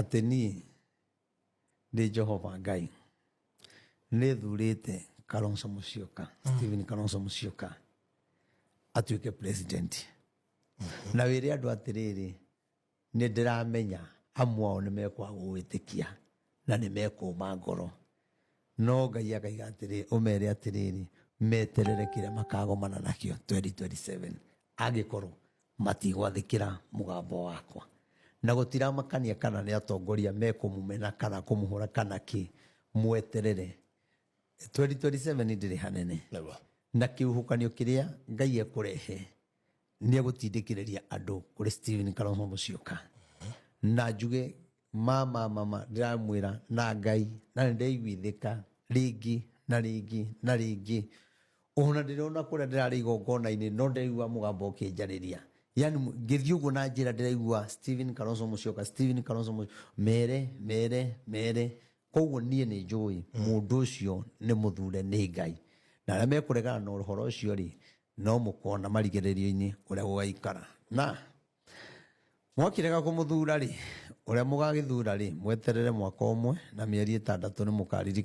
atĩ niĩ ndĩ jehova ngai nĩ thurĩte kalonso musyoka mm. stephen kalonso musyoka atuĩke president mhm. na wĩrĩ andũ atĩrĩrĩ nĩ ndĩramenya amwe ao nĩ mekwaga gwĩtĩkia na nĩ mekũma ngoro no ngai akaiga atĩrĩ ũmere atĩrĩrĩ meterere kĩrĩa makagomana nakĩo 2027 angĩkorwo matigwathĩkĩra mũgambo wakwa na tiramakania kana nä atongoria mekåmumena kana kå må hå ra kana kä mweterere 2027 ndä rä hanene na kä å kanio kä rä a ngai ekå rehe nä egå tindä kä rä ria andå kå rä må cioka na njuge mamamama ndä ramwä ra na ngai na nä ndeiguithä ka rä na rä na rä ona ndä rona kå rä a ndä rarä igongonainä no ndeigua må gambo å kä njarä ria yani ngethi uguo na njira ndiraigua Steven Kalonzo Musyoka Steven Kalonzo Musyoka mere mere mere kogo nie ni njui hmm. mundu ucio ni muthure ni ngai na aria mekuregana na uhoro ucio ri no mukona marigiririo-ini uria gugaikara na mwakirega kumuthura ri uria mugagithura ri mweterere mwaka umwe na mieri itandatu ni mukaririka